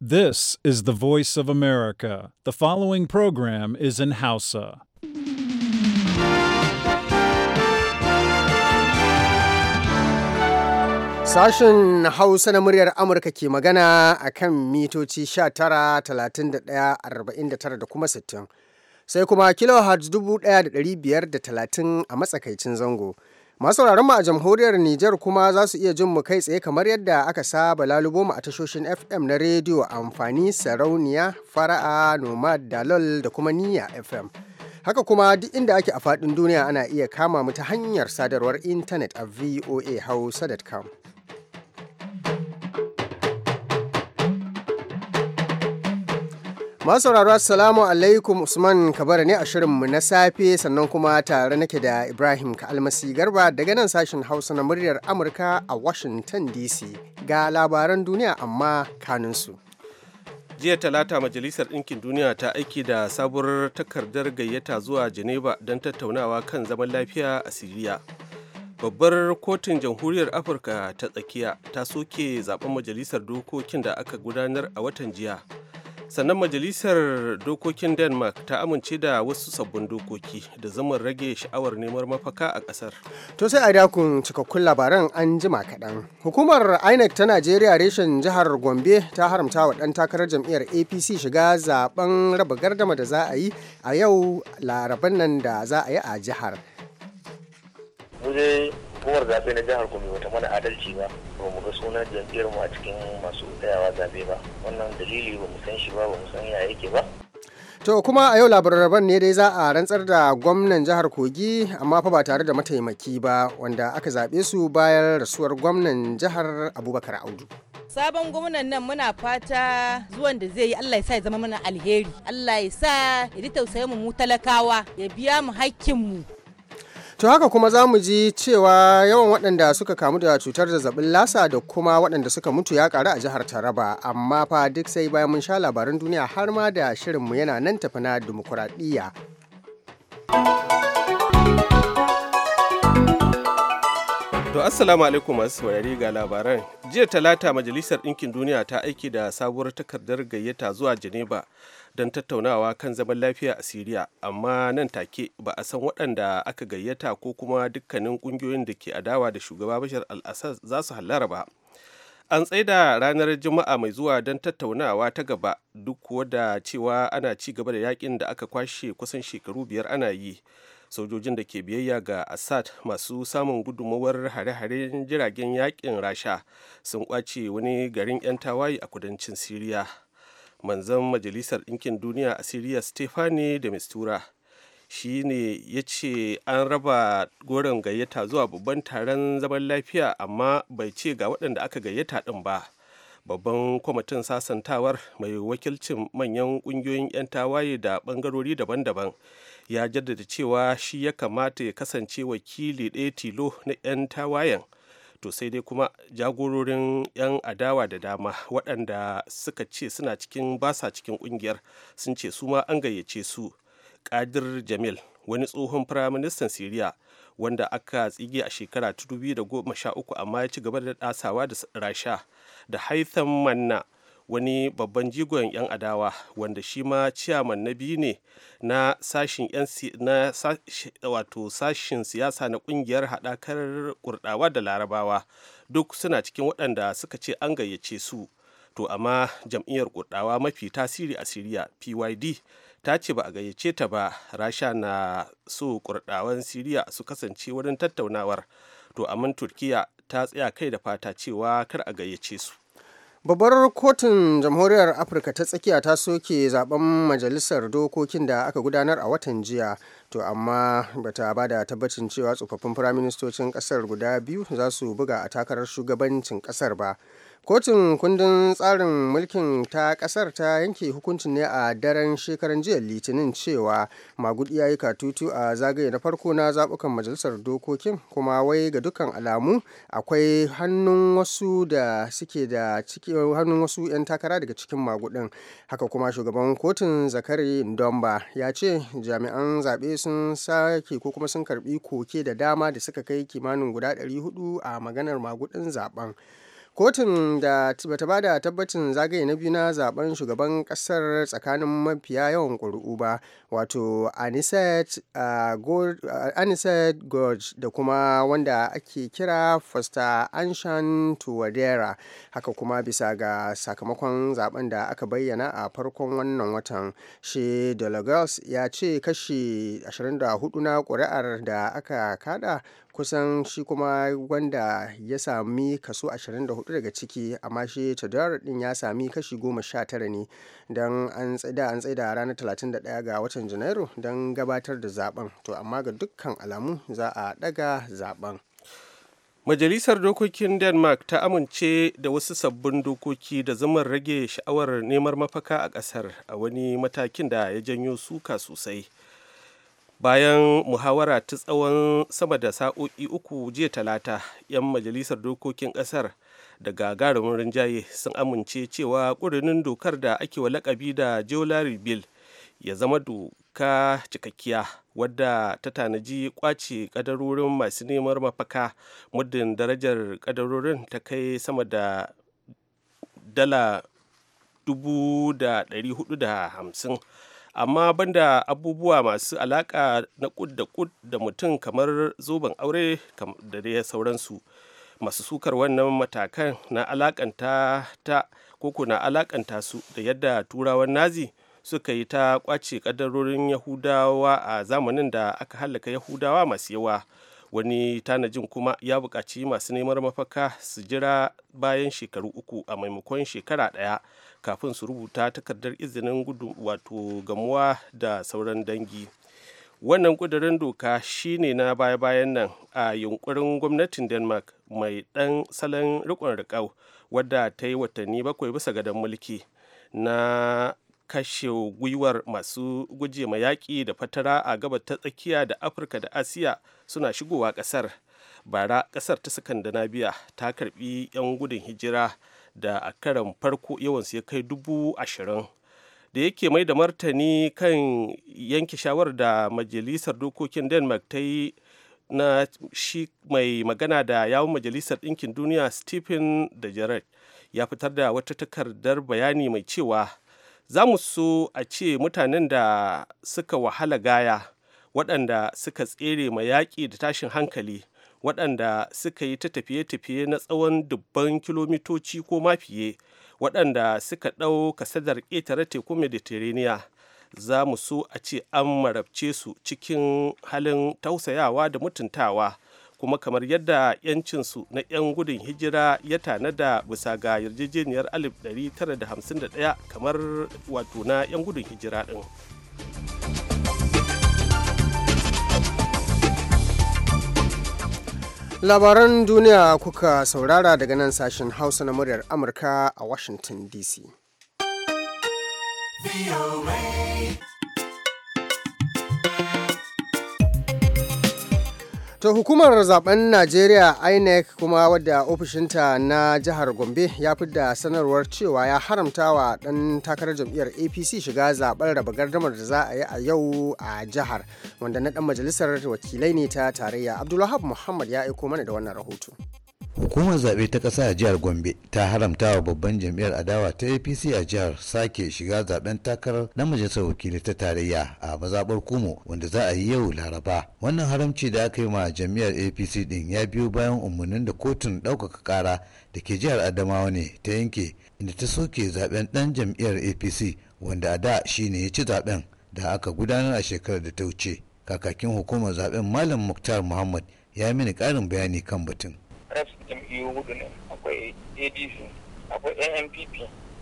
This is the voice of America. The following program is in Hausa. Sashen Hausa na muryar Amurka ke magana a kan mitoci 19,31,49 da kuma 60, sai kuma kilohertz 1,530 a matsakaicin zango. Masu mu a jamhuriyar Nijar kuma za su iya jin mu kai tsaye kamar yadda aka saba lalubo mu a tashoshin FM na rediyo amfani sarauniya fara'a nomad dalol da kuma niyya FM. Haka kuma duk inda ake a faɗin duniya ana iya kama mu ta hanyar sadarwar intanet a voa hausa.com. masauraro assalamu alaikum usman kabara ne a shirinmu na safe sannan kuma tare nake da ibrahim kalmasi garba daga nan sashen hausa na muryar amurka a washington dc ga labaran duniya amma kanunsu jiya talata majalisar ɗinkin duniya ta aiki da sabuwar takardar gayyata zuwa geneva don tattaunawa kan zaman lafiya a siriya babbar kotun jamhuriyar afirka ta tsakiya ta soke zaben majalisar dokokin da aka gudanar a watan jiya sannan majalisar dokokin denmark ta amince da wasu sabbin dokoki da zaman rage sha'awar neman mafaka a kasar to sai a dakun cikakkun labaran an jima kaɗan hukumar inec ta najeriya reshen jihar gombe ta haramta wa ɗan takarar jam'iyyar apc shiga zaben raba gardama da za a yi a yau laraban nan da za a yi a jihar. zaɓe na jihar Gombe wata mana adalci ba ba mu ga sunan jam'iyyar mu a cikin masu tsayawa zabe ba wannan dalili ba mu san shi ba mu san ya yake ba to kuma a yau labararban ne dai za a rantsar da gwamnan jihar kogi amma fa ba tare da mataimaki ba wanda aka zaɓe su bayan rasuwar gwamnan jihar abubakar audu sabon gwamnan nan muna fata zuwan da zai yi Allah ya sa ya zama mana alheri Allah ya sa ya ji tausayin mu talakawa ya biya mu hakkin mu To haka kuma za mu ji cewa yawan waɗanda suka kamu da cutar zazzabin lasa da kuma waɗanda suka mutu ya ƙaru a jihar Taraba, amma fa duk sai bayan mun sha labaran duniya har ma da mu yana nan tafi na dimokuraɗiyya. To assalamu alaikum masu saurari ga labaran. Jiya talata Majalisar Ɗinkin Duniya ta aiki da sabuwar takardar gayyata zuwa Geneva don tattaunawa kan zaman lafiya a Siriya, amma nan take ba a san waɗanda aka gayyata ko kuma dukkanin ƙungiyoyin da ke adawa da shugaba Bashar al-Assad za su hallara ba. An tsaida ranar Juma'a mai zuwa don tattaunawa ta gaba duk wadda cewa ana ci gaba da yakin da aka kwashe kusan shekaru biyar ana yi. sojojin da ke biyayya ga assad masu samun gudunmawar hare-haren jiragen yakin rasha sun kwace wani garin 'yan tawaye a kudancin siriya manzan majalisar ɗinkin duniya a siriya stefani da mistura shi ne ya ce an raba goron gayyata zuwa babban taron zaman lafiya amma bai ce ga waɗanda aka gayyata ɗin ba babban kwamitin sasantawar mai wakilcin manyan ƙungiyoyin 'yan tawaye da ɓangarori daban-daban ya jaddada cewa shi ya kamata ya kasance wakili ɗaya tilo na 'yan tawayen to sai dai kuma jagororin 'yan adawa da dama waɗanda suka ce suna cikin basa cikin ƙungiyar sun ce su ma an gayyace su kadir jamil wani tsohon firaministan siriya wanda aka tsige a shekara 2013 amma ya ci gaba da ɗasawa da rasha da haitham manna wani babban jigon 'yan adawa wanda shi ma ciyaman na biyu ne na sashin siyasa na kungiyar haɗakar kurdawa da larabawa duk suna cikin waɗanda suka ce an gayyace su to amma jam'iyyar kurdawa mafi tasiri a siriya pyd ta ce ba a gayyace ta ba rasha na so kurdawan siriya su kasance wurin tattaunawar to amma turkiya ta tsaya kai da fata cewa kar a gayyace su babbar kotun jamhuriyar afirka ta tsakiya ta soke zaben majalisar dokokin da aka gudanar a watan jiya to amma bata ba da tabbacin cewa tsofaffin firaministocin kasar guda biyu za su buga a takarar shugabancin kasar ba Kotun kundin tsarin mulkin ta kasar ta yanke hukuncin ne a daren shekaran jiya Litinin cewa magudi ya yi katutu a zagaye na farko na zabukan majalisar dokokin kuma wai ga dukkan alamu akwai hannun wasu da suke da ciki hannun wasu 'yan takara daga cikin magudin. Haka kuma shugaban kotun Zakari Ndomba ya ce jami'an zaɓe sun sake ko kuma sun karbi koke da dama da suka kai kimanin guda 400 a maganar magudin zaben. kotun da bata ba da tabbacin zagaye na biyu na zaben shugaban kasar tsakanin mafiya yawan ƙuri'u ba wato aniset uh, uh, gorge da kuma wanda ake kira fasta anshan tuwadera haka kuma bisa ga sakamakon zaben da aka bayyana a farkon wannan watan shi lagos ya ce kashi 24 na ƙuri'ar da aka kada kusan shi kuma wanda ya sami kaso 24 daga ciki amma shi tadarar din ya sami kashi 19 ne don an tsada an tsada ranar 31 ga watan janairu don gabatar da zaben to amma ga dukkan alamu za a daga zaben Majalisar Dokokin Denmark ta amince da wasu sabbin dokoki da zaman rage sha'awar neman mafaka a ƙasar a wani matakin da ya janyo suka sosai. bayan muhawara ta tsawon sama da sa'o'i uku jiya talata 'yan majalisar dokokin ƙasar da gagarumin rinjaye sun amince cewa ƙudurin dokar da ake wa lakabi da jolari bill ya zama doka cikakkiya wadda ta tanaji kwace kadarorin masu neman mafaka muddin darajar kadarorin ta kai sama da dala 450 amma banda abubuwa masu alaka na kud da kud da mutum kamar zoben aure da dai sauransu masu sukar wannan matakan na alakanta ta koko na alakanta su da yadda turawan nazi suka yi ta kwace kadarorin yahudawa a zamanin da aka hallaka yahudawa masu yawa wani tanajin kuma ya buƙaci masu neman mafaka su jira bayan shekaru uku a maimakon shekara ɗaya kafin su rubuta takardar izinin gudu wato gamuwa da sauran dangi wannan kudurin doka shine na baya-bayan nan a yunkurin gwamnatin denmark mai dan salon rikon rikau wadda ta yi watanni bakwai bisa gadon mulki na kashe gwiwar masu guje ma yaƙi da fatara a gaba ta tsakiya da afirka da asiya suna shigowa ƙasar bara ƙasar ta sakandinabiya ta karbi 'yan gudun hijira da a karan farko yawansu ya kai dubu ashirin da yake mai da martani kan yanke shawarar da majalisar dokokin denmark ta yi na shi mai magana da yawon majalisar ɗinkin duniya stephen da jared ya fitar da wata takardar bayani mai cewa za mu so a ce mutanen da suka wahala gaya waɗanda suka tsere ma yaƙi da tashin hankali waɗanda suka yi ta tafiye-tafiye na tsawon dubban kilomitoci ko mafiye waɗanda suka ɗau kasadar ƙetare tekun mediterranean za mu so a ce an marabce su cikin halin tausayawa da mutuntawa kuma kamar yadda 'yancinsu na 'yan gudun hijira ya tanada bisa ga yarjejeniyar 1951 kamar wato na 'yan gudun hijira ɗin. labaran duniya kuka saurara daga nan sashen hausa na muryar amurka a washington dc To hukumar zaben Najeriya INEC kuma wadda ofishinta na jihar Gombe ya da sanarwar cewa ya haramta wa ɗan takarar jam'iyyar APC shiga zaben raba gardamar da za a yi a yau a jihar wanda na ɗan majalisar wakilai ne ta tarayya Abdullahab Muhammad ya aiko mana da wannan rahoto. hukumar zaɓe ta ƙasa a jihar gombe ta haramta wa babban jam'iyyar adawa ta apc a jihar sake shiga zaben takarar na majalisar wakili ta tarayya a mazaɓar kumo wanda za a yi yau laraba wannan haramci da aka yi ma jam'iyyar apc ɗin ya biyo bayan umarnin da kotun ɗaukaka ƙara da ke jihar adamawa ne ta yanke inda ta soke zaben ɗan jam'iyyar apc wanda a da shi ne ya ci zaben da aka gudanar a shekarar da ta wuce kakakin hukumar zaben malam muktar muhammad ya mini ƙarin bayani kan batun reps jam'iyyu hudu ne akwai adc akwai anpp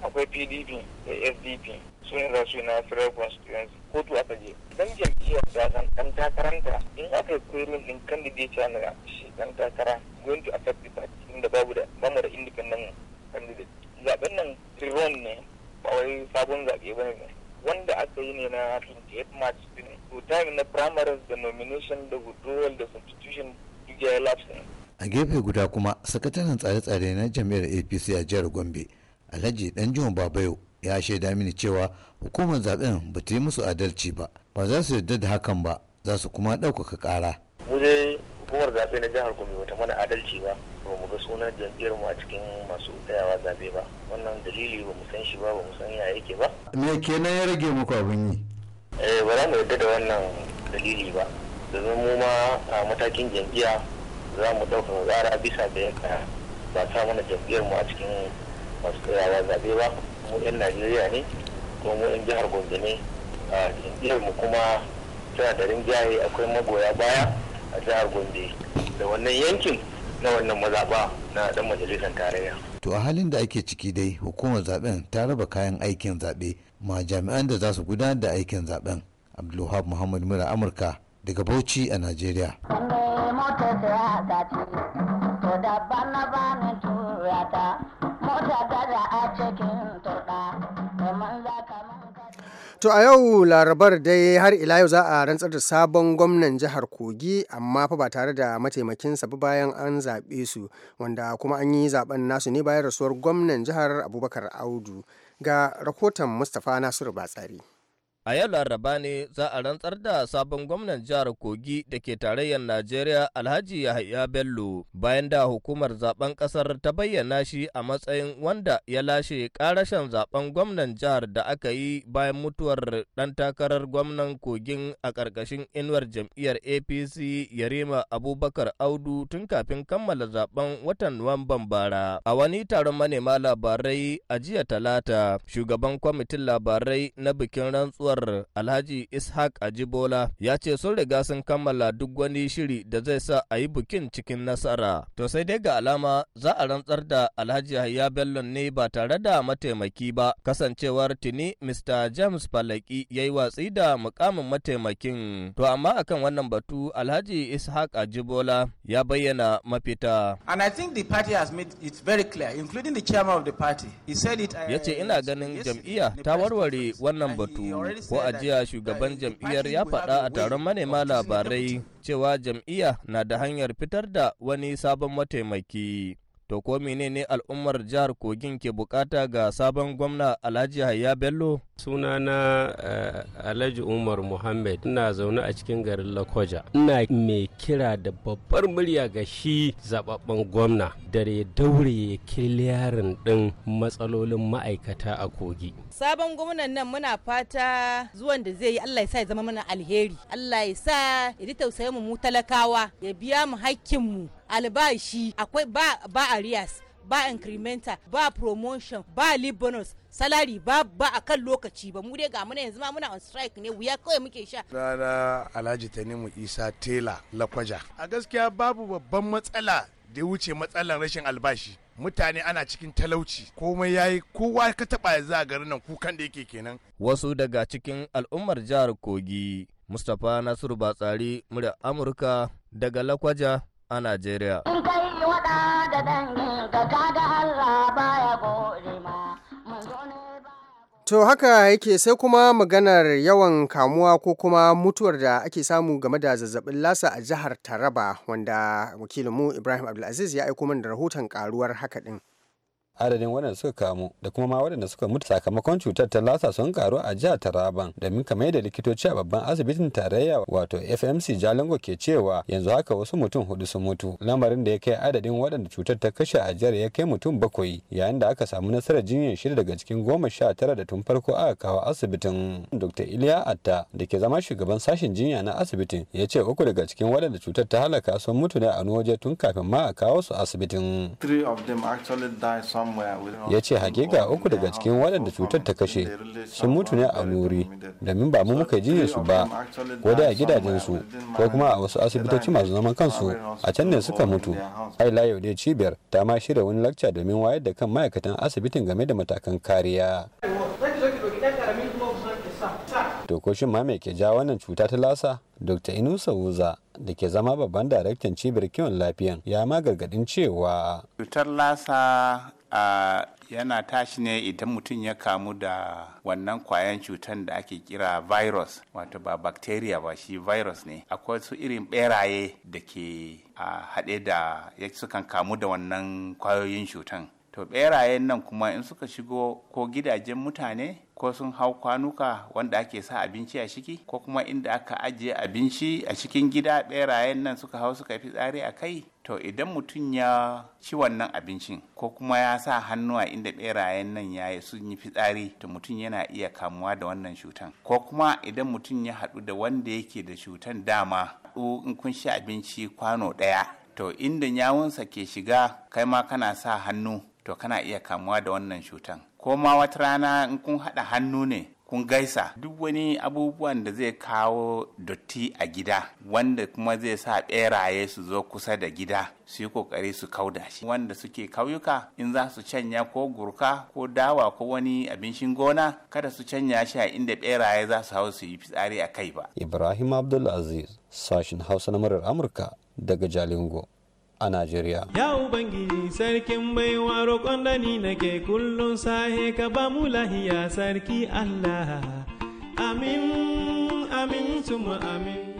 akwai pdp da sdp su ne za su yi na federal constituency kotu aka je dan jam'iyyar da san dan takaranta in aka yi kwerin din candidate na shi dan takara going to affect the party inda babu da bamu da independent candidate zaben nan tiron ne ba wai sabon zaɓe ba ne wanda aka yi ne na 28 march din to time na primaries da nomination da withdrawal da substitution duk ya ne a gefe guda kuma sakataren tsare-tsare na jami'ar apc a jihar gombe alhaji dan jihun babayo ya shaida mini cewa hukumar zaben ba ta yi musu adalci ba ba za su yarda da hakan ba za su kuma ɗaukaka ƙara. mu dai hukumar zaɓe na jihar gombe bata mana adalci ba ba mu ga sunan jam'iyyar mu a cikin masu tsayawa zaɓe ba wannan dalili ba mu san shi ba ba mu san ya yake ba. me kenan ya rage muku abin yi. eh ba za mu yarda da wannan dalili ba domin mu ma a matakin jam'iyya za mu ɗaukar gara bisa da yanka ba ta mana jam'iyyar mu a cikin masu tsayawa zaɓe ba mu 'yan najeriya ne ko mu 'yan jihar gombe ne a jam'iyyar mu kuma tana da rinjaye akwai magoya baya a jihar gombe da wannan yankin na wannan mazaɓa na ɗan majalisar tarayya. to a halin da ake ciki dai hukumar zaben ta raba kayan aikin zaɓe ma jami'an da za su gudanar da aikin zaben abdulwahab muhammad mura amurka daga bauchi a najeriya. mota siyasa ce to daban na bani turata mota gada a cikin turɗa domin za ka To a yau larabar dai har ila yau za a rantsar da sabon gwamnan jihar Kogi amma fa ba tare da mataimakinsa ba bayan an zaɓe su wanda kuma an yi zaɓen nasu ne bayan rasuwar gwamnan jihar Abubakar Audu ga rahoton Mustapha Nasiru Batsari. A yau Laraba ne za a rantsar da sabon gwamnan jihar Kogi da ke tarayyar Najeriya Alhaji Yahya Bello bayan da hukumar zaben kasar ta bayyana shi a matsayin wanda ya lashe karashen zaben gwamnan jihar da aka yi bayan mutuwar ɗan takarar gwamnan Kogin a ƙarƙashin inuwar jam'iyyar APC Yarima Abubakar Audu tun kafin kammala zaben watan Nuwamban bara. A wani taron manema labarai a jiya Talata, shugaban kwamitin labarai na bikin rantsuwar jihar Alhaji Ishaq Ajibola ya ce sun riga sun kammala duk wani shiri da zai sa a yi bikin cikin nasara. To sai dai ga alama za a rantsar da Alhaji Yahya Bello ne ba tare da mataimaki ba kasancewar tuni Mr. James Falaki ya yi watsi da mukamin mataimakin. To amma akan wannan batu Alhaji Ishaq Ajibola ya bayyana mafita. And I think the party has made it very clear including the chairman party. He ina uh, ganin jam'iyya ta warware wannan batu ko ajiya shugaban jam'iyyar ya faɗa a taron manema labarai cewa jam'iyya na da hanyar fitar da wani sabon mataimaki. To ko menene al'ummar jihar Kogin ke bukata ga sabon gwamna Alhaji Hayya Bello? Suna na eh, Alhaji Umar Muhammad ina zaune a cikin garin lakoja Ina mai kira da babbar murya ga shi zababben gwamna da ya daure ya kiliyarin din matsalolin ma'aikata a Kogi. Sabon gwamnan nan muna fata zuwan da zai yi Allah ya sa ya zama mana alheri. Allah ya sa ya ji mu talakawa ya biya mu hakkin mu albashi akwai ba ba arias ba incrementa ba promotion ba leave bonus salari ba ba a kan lokaci ba mu dai ga muna yanzu ma muna on strike ne wuya kawai muke sha rana alhaji tanimu isa tela lakwaja a gaskiya babu babban matsala da ya wuce matsalar rashin albashi mutane ana cikin talauci komai ya yi kowa ka taba yanzu a garin nan kukan da yake kenan wasu daga cikin al'ummar jihar kogi mustapha nasiru batsari murya amurka daga lakwaja a Najeriya. To haka yake sai kuma maganar yawan kamuwa ko kuma mutuwar da ake samu game da zazzabin lasa a jihar Taraba wanda wakilinmu Ibrahim Abdulaziz ya aiko min da rahoton karuwar haka din. adadin waɗanda suka kamu da kuma ma waɗanda suka mutu sakamakon cutar ta lasa sun karu a jihar taraban domin kamar da likitoci a babban asibitin tarayya wato fmc jalingo ke cewa yanzu haka wasu mutum hudu sun mutu lamarin da ya kai adadin waɗanda cutar ta kashe a jihar ya kai mutum bakwai yayin da aka samu nasarar jinyar shida daga cikin goma sha tara da tun farko aka kawo asibitin dr iliya atta da ke zama shugaban sashen jinya na asibitin ya ce uku daga cikin waɗanda cutar ta halaka sun mutu ne a wani waje tun kafin ma a kawo su asibitin. Three of them actually died some ya ce hakika uku daga cikin waɗanda cutar ta kashe sun mutu ne a wuri domin ba mu muka jiye su ba ko da a gidajensu ko kuma a wasu asibitoci masu zaman kansu a can ne suka mutu ai layo dai cibiyar ta ma shirya wani lakca domin wayar da kan ma'aikatan asibitin game da matakan kariya to ko ma me ke ja wannan cuta ta lasa dr inusa wuza da ke zama babban daraktan cibiyar kiwon lafiyan ya ma gargadin cewa cutar lasa a yana tashi ne idan mutum ya kamu da wannan kwayan cutan da ake kira virus wato ba bacteria ba shi virus ne akwai su irin beraye da ke a haɗe da ya sukan kamu da wannan kwayoyin cutan to berayen nan kuma in suka shigo ko gidajen mutane ko sun hau kwanuka wanda ake sa abinci a ciki ko kuma inda aka ajiye abinci a cikin gida ɓerayen nan suka hau suka fi tsari a kai to idan mutum ya ci wannan abincin ko kuma ya sa hannu a inda berayen nan ya yi sun yi fitsari to mutum yana iya kamuwa da wannan cutan ko kuma idan mutum ya haɗu da wanda yake da cutan dama in kun ci abinci kwano ɗaya to inda yawunsa ke shiga kai ma kana sa hannu to kana iya kamuwa da wannan cutan ko ma wata rana in kun haɗa hannu ne kun gaisa duk wani abubuwan da zai kawo dotti a gida wanda kuma zai sa ɓeraye su zo kusa da gida su yi kokari su kauda shi wanda suke kauyuka in za su canya ko gurka ko dawa ko wani abincin gona kada su canya shi a inda beraye za su hau su yi fitsari a kai ba ibrahim abdulaziz sashin hausa na murar amurka daga jalingo a Najeriya. Ya Ubangiji sarkin baiwa roƙon da ni nake kullum sahe ka ba mu lahiya sarki Allah. Amin, amin, tumu amin.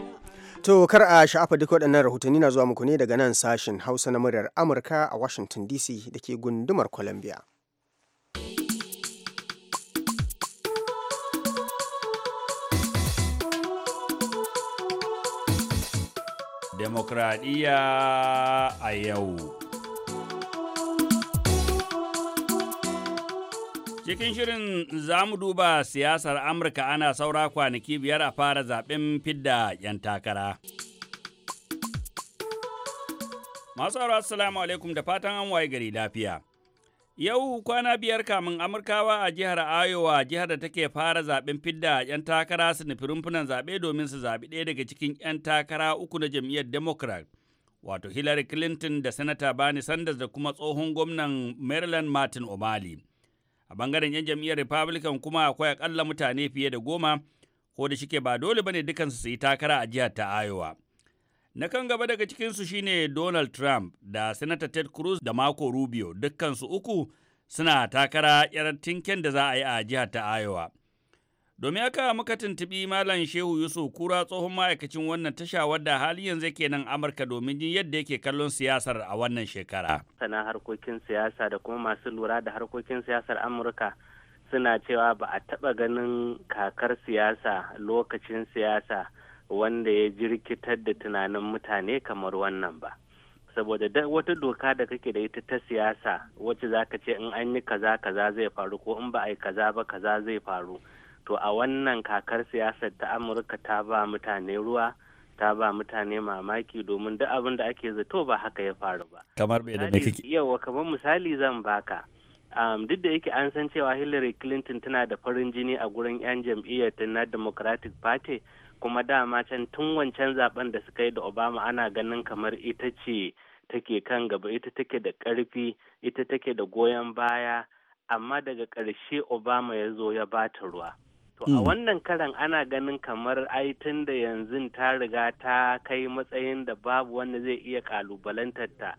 To kar a sha'afa duk waɗannan rahotanni na zuwa muku ne daga nan sashen Hausa na muryar Amurka a Washington DC da ke gundumar Columbia. demokradiyya a yau. Cikin shirin za mu duba siyasar Amurka ana saura kwanaki biyar a fara zaɓen fidda 'yan takara. Masu assalamu alaikum da fatan an waye gari lafiya. Yau kwana biyar kamun Amurkawa a jihar Iowa jihar da take fara zaben fidda 'yan takara su nufi rumfunan zaɓe domin su zaɓi ɗaya daga cikin 'yan takara uku na jam'iyyar Democrat. Wato Hillary Clinton da Sanata Bernie Sanders da kuma tsohon gwamnan Maryland Martin O'Malley. A bangaren 'yan jam'iyyar Republican kuma akwai akalla mutane fiye da goma ko da shike ba dole ba ne dukansu su yi takara a jihar ta Iowa. Na kan gaba daga cikinsu shine Donald Trump da Senator Ted Cruz da Marco Rubio dukkansu uku suna takara 'yar tinken da za a yi a jihar ta Iowa. Domin aka muka tuntubi Malam Shehu Yusuf Kura tsohon ma'aikacin wannan tasha wadda hali yanzu yake nan Amurka domin jin yadda yake kallon siyasar a wannan shekara. Sana harkokin siyasa da kuma masu lura da harkokin siyasar Amurka suna cewa ba a taɓa ganin kakar siyasa lokacin siyasa wanda ya jirkitar da tunanin mutane kamar wannan ba saboda da wata doka da kake da ita ta siyasa wacce za ka ce in an yi kaza kaza zai faru ko in ba a yi kaza ba kaza zai faru to a wannan kakar siyasar ta amurka ta ba mutane ruwa ta ba mutane mamaki domin duk abin da ake zato ba haka ya faru ba kamar bai da kake yawa kamar misali zan baka um, duk da yake an san cewa hillary clinton tana da farin jini a gurin 'yan jam'iyyar ta na democratic party kuma dama can tun wancan zaben da suka yi da obama ana ganin kamar ita ce take kan gaba ita take da karfi ita take da goyon baya amma daga ƙarshe obama ya zo ya bata ruwa to a hmm. wannan karan ana ganin kamar ai tun da yanzu ta riga ta kai matsayin da babu wanda zai iya kalubalantar ta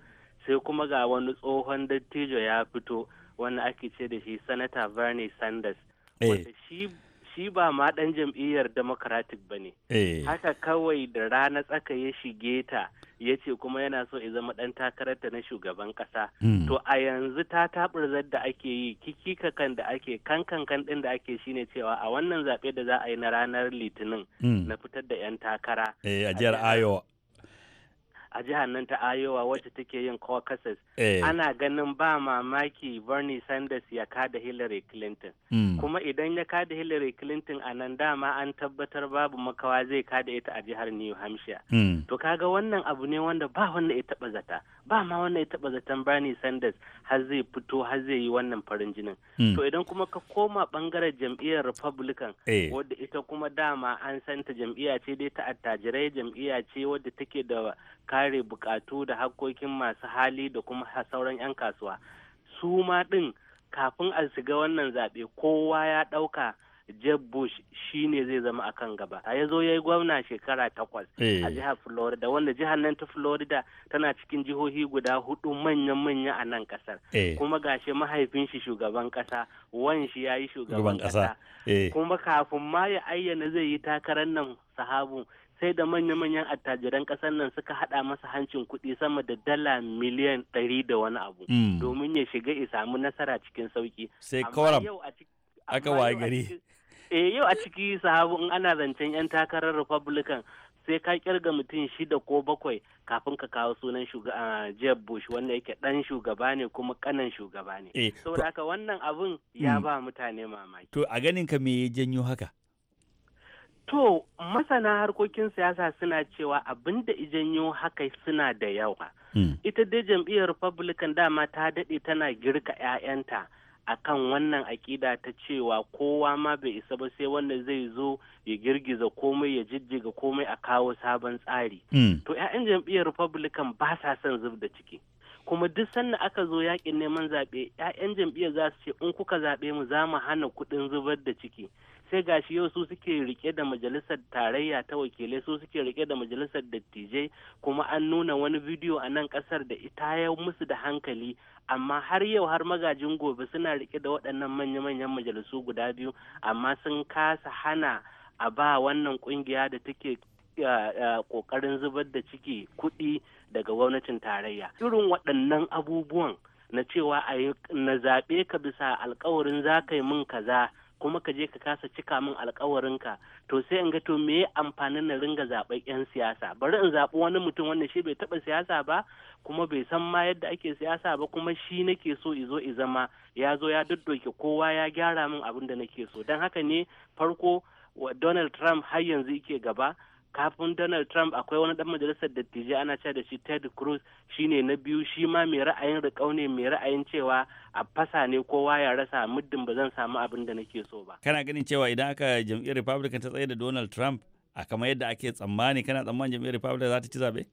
sai kuma ga wani tsohon dattijo ya fito wani ake ce da shi sanata bernie sanders eh. wanda shi shi ba ma ɗan jam'iyyar democratic ba ne eh. haka kawai da rana tsaka ya shige ta ya ce kuma yana so ya zama ɗan takararta na shugaban ƙasa hmm. to a yanzu ta taɓurzar da ake yi kikikakan da ake kan ɗin da ake shine cewa a wannan zaɓe da za a yi na ranar litinin hmm. na fitar da 'yan takara eh, a ayo a jihar nan ta ayowa wacce take yin caucuses eh. ana ganin ba mamaki Bernie Sanders ya kada Hillary Clinton hmm. kuma idan ya kada Hillary Clinton a nan dama an tabbatar babu makawa zai kada ita a jihar New Hampshire hmm. to kaga wannan abu ne wanda ba wanda ya taba zata ba ma wanda ya taba zaton Bernie Sanders har zai fito har zai yi wannan farin jinin hmm. to idan kuma ka koma bangaren jam'iyyar Republican eh. wadda ita kuma dama an santa jam'iyya ce dai ta attajirai jam'iyya ce wadda take da kare bukatu da hakkokin masu hali da kuma sauran 'yan kasuwa su ma ɗin kafin a shiga wannan zaɓe kowa ya ɗauka Jeb Bush shine zai zama a kan gaba. Ya zo ya yi gwamna shekara takwas a eh. jihar Florida wanda jihar nan ta Florida tana cikin jihohi guda hudu manya-manya a nan kasar. Eh. Kuma gashi mahaifin shi shugaban kasa, wan shi ya yi shugaban kasa. Eh. Kuma kafin ma ya ayyana zai yi takarar nan sahabu sai da manya-manyan attajiran ƙasar nan suka haɗa masa hancin kuɗi sama da dala miliyan ɗari da wani abu mm. domin ya shiga ya samu nasara cikin sauki Sai kawaram aka waye gari. eh yau a ciki sahabu in ana zancen 'yan takarar republican sai ka kirga mutum shida ko bakwai kafin ka kawo sunan Jeb Bush wanda yake dan shugaba ne kuma kanan shugaba ne. Eh, Saboda haka wannan abun ya hmm. ba mutane mamaki. To a ganin ka me ya janyo haka? To masana harkokin siyasa suna cewa abinda da janyo haka suna da yawa. Hmm. Ita dai jam'iyyar Republican dama ta daɗe tana girka 'ya'yanta. akan wannan aƙida ta cewa kowa ma bai isa ba sai wanda zai zo ya girgiza komai ya jijjiga komai a kawo sabon tsari. Hmm. To 'ya'yan jam'iyyar Republican ba sa son zub da ciki. kuma duk sanda aka zo yakin neman zaɓe 'ya'yan jam'iyyar za su ce in kuka zaɓe mu za mu hana kuɗin zubar da ciki sai gashi yau su suke rike da majalisar tarayya ta wakilai su suke rike da majalisar dattijai kuma an nuna wani bidiyo a nan ƙasar da ita ya musu da hankali amma har yau har magajin gobe suna rike da waɗannan manya-manyan majalisu guda biyu amma sun kasa hana a ba wannan ƙungiya da take kokarin zubar da ciki kuɗi daga gwamnatin tarayya irin waɗannan abubuwan na cewa a na zaɓe ka bisa alkawarin za ka yi min kaza kuma ka je ka kasa cika min alkawarinka to sai in ga to me amfanin na ringa zaɓen 'yan siyasa bari in zaɓi wani mutum wanda shi bai taɓa siyasa ba kuma bai san ma yadda ake siyasa ba kuma shi nake so izo i zama ya zo ya duddoke kowa ya gyara min abin da nake so don haka ne farko Donald Trump har yanzu yake gaba kafin donald trump akwai wani dan majalisar dattijai ana cewa da shi ted cruz shine na biyu shi ma mai ra'ayin riƙau ne mai ra'ayin cewa a fasa ne kowa ya rasa muddin ba zan samu abin da nake so ba kana ganin cewa idan aka jam'iyyar republican ta tsaye da donald trump a kamar yadda ake tsammani kana tsammanin jam'iyyar republican za ta ci zabe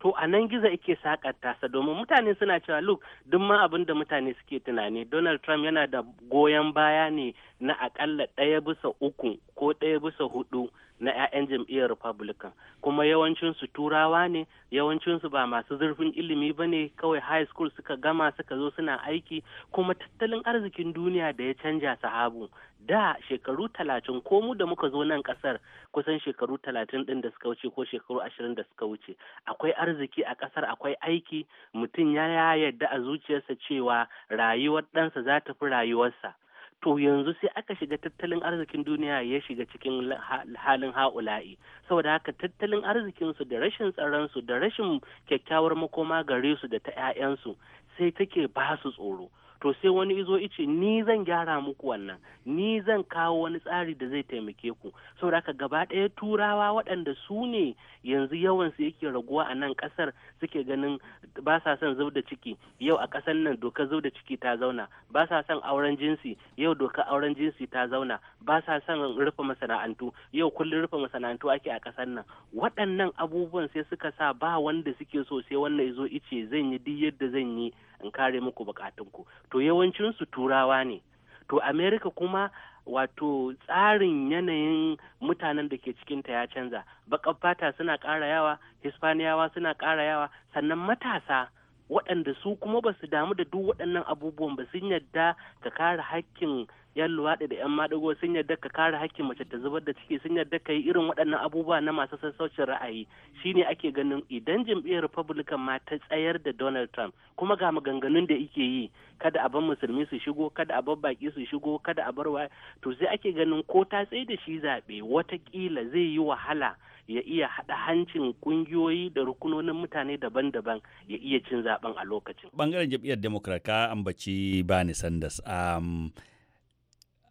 to a nan gizo ake sakata sa domin mutane suna cewa look duk ma abin da mutane suke tunani donald trump yana da goyon baya ne na akalla ɗaya bisa uku ko ɗaya bisa hudu na 'ya'yan jam'iyyar republican kuma yawancinsu turawa ne yawancinsu ba masu zurfin ilimi ba ne kawai high school suka gama suka zo suna aiki kuma tattalin arzikin duniya da ya canja sahabu da shekaru talatin ko mu da muka zo nan kasar kusan shekaru talatin din da suka wuce ko shekaru ashirin da suka wuce akwai arziki a kasar akwai aiki mutum ya yarda a zuciyarsa cewa rayuwar ɗansa za ta fi rayuwarsa to yanzu sai aka shiga tattalin arzikin duniya ya shiga cikin halin ha'ula'i saboda haka tattalin arzikinsu da rashin tsaronsu da rashin kyakkyawar makoma gare su da ta 'ya'yansu sai take ba su tsoro to sai wani izo ice ni zan gyara muku wannan ni zan kawo wani tsari da zai taimake ku saboda haka gaba ɗaya turawa waɗanda su ne yanzu yawan su yake raguwa a nan ƙasar suke ganin ba sa son zub da ciki yau a ƙasar nan doka zub da ciki ta zauna ba sa son auren jinsi yau doka auren jinsi ta zauna ba sa son rufe masana'antu yau kullum rufe masana'antu ake a ƙasar nan waɗannan abubuwan sai suka sa ba wanda suke so sai wannan izo ice zan yi duk yadda zan yi in kare muku bukatun ku to yawancinsu turawa ne to america kuma wato tsarin yanayin mutanen da ke cikinta ya canza baƙar fata suna ƙara yawa hispaniyawa suna ƙara yawa sannan matasa waɗanda su kuma ba su damu da duk waɗannan abubuwan ba sun yadda ka kare hakkin yan luwaɗi da yan maɗigo sun yarda ka kare hakkin mace ta zubar da ciki sun yarda ka yi irin waɗannan abubuwa na masu sassaucin ra'ayi shine ake ganin idan jam'iyyar republican ma ta tsayar da donald trump kuma ga maganganun da yake yi kada a bar musulmi su shigo kada a bar baki su shigo kada a bar wa to sai ake ganin ko ta tsaye da shi zaɓe watakila zai yi wahala ya iya haɗa hancin ƙungiyoyi da rukunonin mutane daban-daban ya iya cin zaben a lokacin. Bangaren jam'iyyar Democrat ka ambaci Bernie Sanders. Um,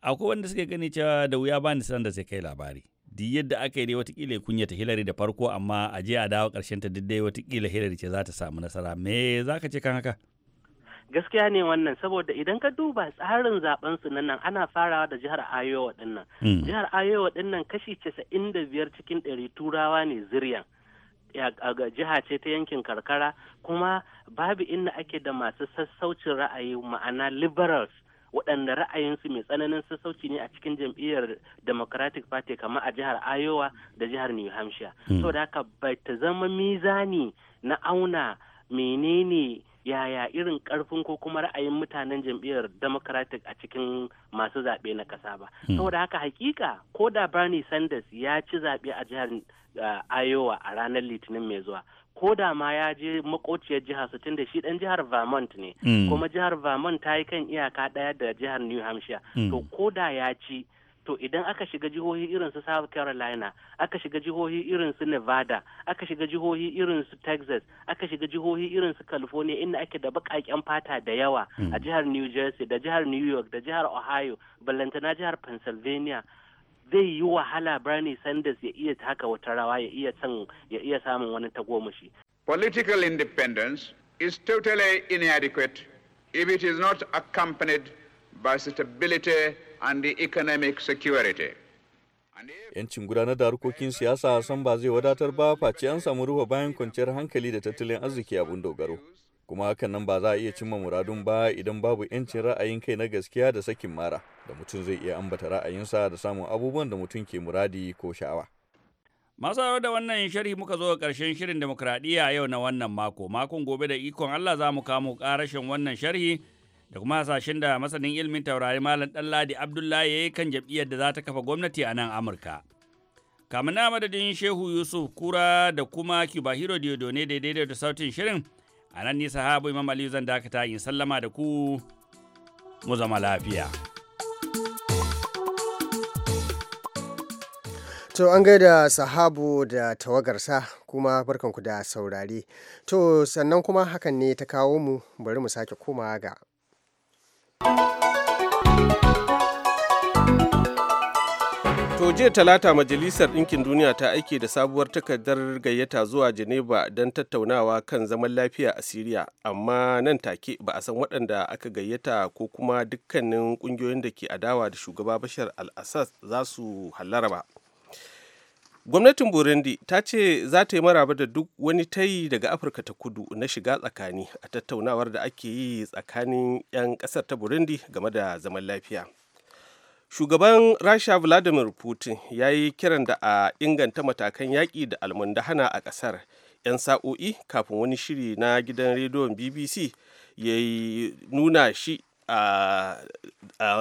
akwai wanda suke gani cewa da wuya ba ni sanda sai kai labari di yadda aka yi dai watakila kunya ta Hillary da farko amma a je a dawo karshen ta dai watakila Hillary ce za ta samu nasara me za ka ce kan haka gaskiya ne wannan saboda idan ka duba tsarin zaben su nan ana farawa da jihar Iowa dinnan hmm. jihar Iowa dinnan kashi 95 cikin 100 turawa ne ziryan jiha ce ta yankin karkara kuma babu inda ake da masu sassaucin ra'ayi ma'ana liberals waɗanda ra'ayinsu mai tsananin sassauci ne a cikin jam'iyyar democratic party kamar a jihar iowa da jihar new hampshire hmm. saboda haka bai ta zama mizani na auna menene yaya irin karfin ko kuma ra'ayin mutanen jam'iyyar democratic a cikin masu zaɓe na ƙasa ba hmm. saboda haka hakika ko da bernie sanders ya ci zaɓe a jihar uh, iowa a ranar litinin mai zuwa ko da ma ya je makociyar jihar su tun da shi dan jihar Vermont ne mm. kuma jihar Vermont ta yi kan iyaka daya da jihar New Hampshire mm. to ko da ya ci to idan aka shiga jihohi irin su South Carolina aka shiga jihohi irin su Nevada aka shiga jihohi irin su Texas aka shiga jihohi irin su California inda ake da bakaken fata da yawa mm. a jihar New Jersey da jihar New York da jihar Ohio ballantana jihar Pennsylvania zai yi wahala Bernie Sanders ya iya taka wata rawa ya iya san ya iya samun wani tagomashi. Political independence is totally inadequate if it is not accompanied by stability and the economic security. Yancin gudanar da harkokin siyasa san ba zai wadatar ba face an samu ruwa bayan kwanciyar hankali da tattalin arziki abun dogaro. kuma hakan nan ba za a iya cimma muradun ba idan babu yancin ra'ayin kai na gaskiya da sakin mara da mutum zai iya ambata ra'ayinsa da samun abubuwan da mutum ke muradi ko sha'awa. Masu da wannan sharhi muka zo ƙarshen shirin demokradiyya yau na wannan mako. Makon gobe da ikon Allah za mu kamo ƙarashin wannan sharhi da kuma hasashen da masanin ilmin taurari Malam Ɗanladi Abdullahi ya yi kan jam'iyyar da za ta kafa gwamnati a nan Amurka. na madadin Shehu Yusuf Kura da kuma kibahiro Hero Diodone daidai da sautin shirin. a nan ni sahabu imam aliyu zan dakata yin sallama da ku mu zama lafiya To an gaida sahabu da tawagarsa kuma barkanku da saurare. To sannan kuma hakan ne ta kawo mu bari mu sake koma ga. To jiya talata majalisar ɗinkin duniya ta aike da sabuwar takardar gayyata zuwa Geneva don tattaunawa kan zaman lafiya a Siriya, amma nan take ba a san waɗanda aka gayyata ko kuma dukkanin ƙungiyoyin da ke adawa da shugaba Bashar al-Assad za su hallara ba. Gwamnatin Burundi ta ce za ta yi maraba da duk wani tayi daga Afirka ta kudu na shiga tsakani a tattaunawar da ake yi tsakanin 'yan ƙasar ta Burundi game da zaman lafiya. shugaban rasha vladimir putin ya yi kiran da a inganta matakan yaƙi da almundahana a ƙasar 'yan sa'o'i kafin wani shiri na gidan rediyon bbc ya nuna shi a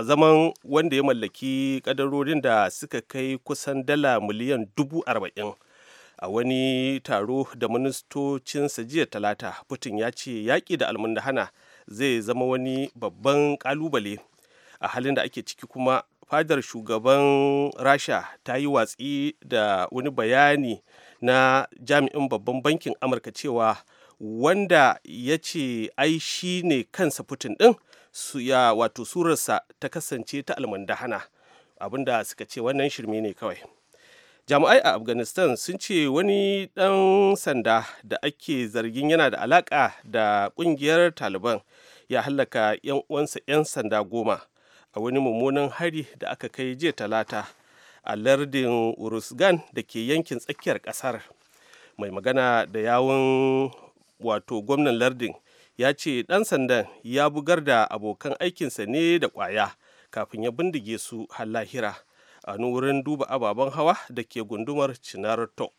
zaman wanda ya mallaki ƙadarorin da suka kai kusan dala miliyan dubu arba'in a wani taro da ministocinsa jiya talata putin ya ce yaƙi da almundahana zai zama wani babban ƙalubale a halin da ake ciki kuma fadar shugaban rasha ta yi watsi da wani bayani na jami'in babban bankin amurka cewa wanda ya ce ai shi ne kansa putin din su ya wato surarsa ta kasance ta almandahana abinda suka ce wannan shirme ne kawai jami'ai a afghanistan sun ce wani dan sanda da ake zargin yana da alaka da kungiyar taliban ya hallaka 'yan uwansa 'yan sanda goma a wani mummunan hari da aka kai jiya talata a lardin urusgan da ke yankin tsakiyar kasar mai magana da yawon wato gwamnan lardin ya ce ɗan sandan ya bugar da abokan aikinsa ne da kwaya kafin ya bindige su har lahira a wurin duba ababen hawa da ke gundumar cinarto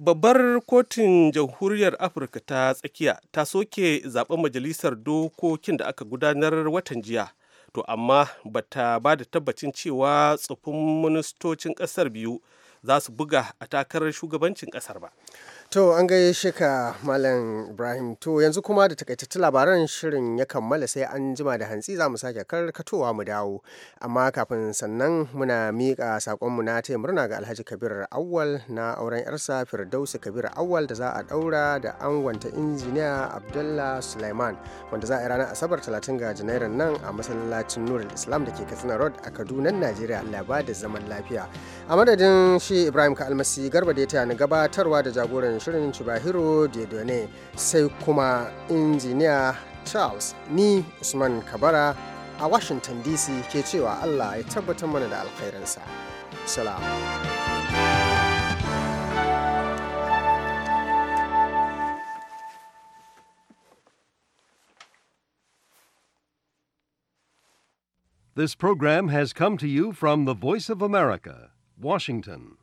babbar kotun jamhuriyar afirka ta tsakiya ta soke zaben majalisar dokokin da aka gudanar watan jiya to amma bata ba da tabbacin cewa tsofin ministocin kasar biyu za su buga a takarar shugabancin kasar ba To an gaishe shika Malam Ibrahim to yanzu kuma da takaitattun labaran shirin ya kammala sai an jima da hantsi za mu sake karkatowa mu dawo amma kafin sannan muna miƙa saƙonmu na taya murna ga Alhaji Kabir Awwal na auren yarsa Firdausi Kabir Awwal da za a ɗaura da angonta injiniya Abdulla suleiman wanda za a yi ranar Asabar 30 ga Janairun nan a masallacin Nurul Islam da ke Katsina Road a Kaduna Najeriya Allah ba da zaman lafiya. A madadin shi Ibrahim Ka Almasi Garba da ya taya ni gabatarwa da jagoran shirin Chubahiro Dedone sai kuma Charles ni Usman Kabara a Washington DC ke cewa Allah ya tabbatar mana da Salam. This program has come to you from the Voice of America, Washington.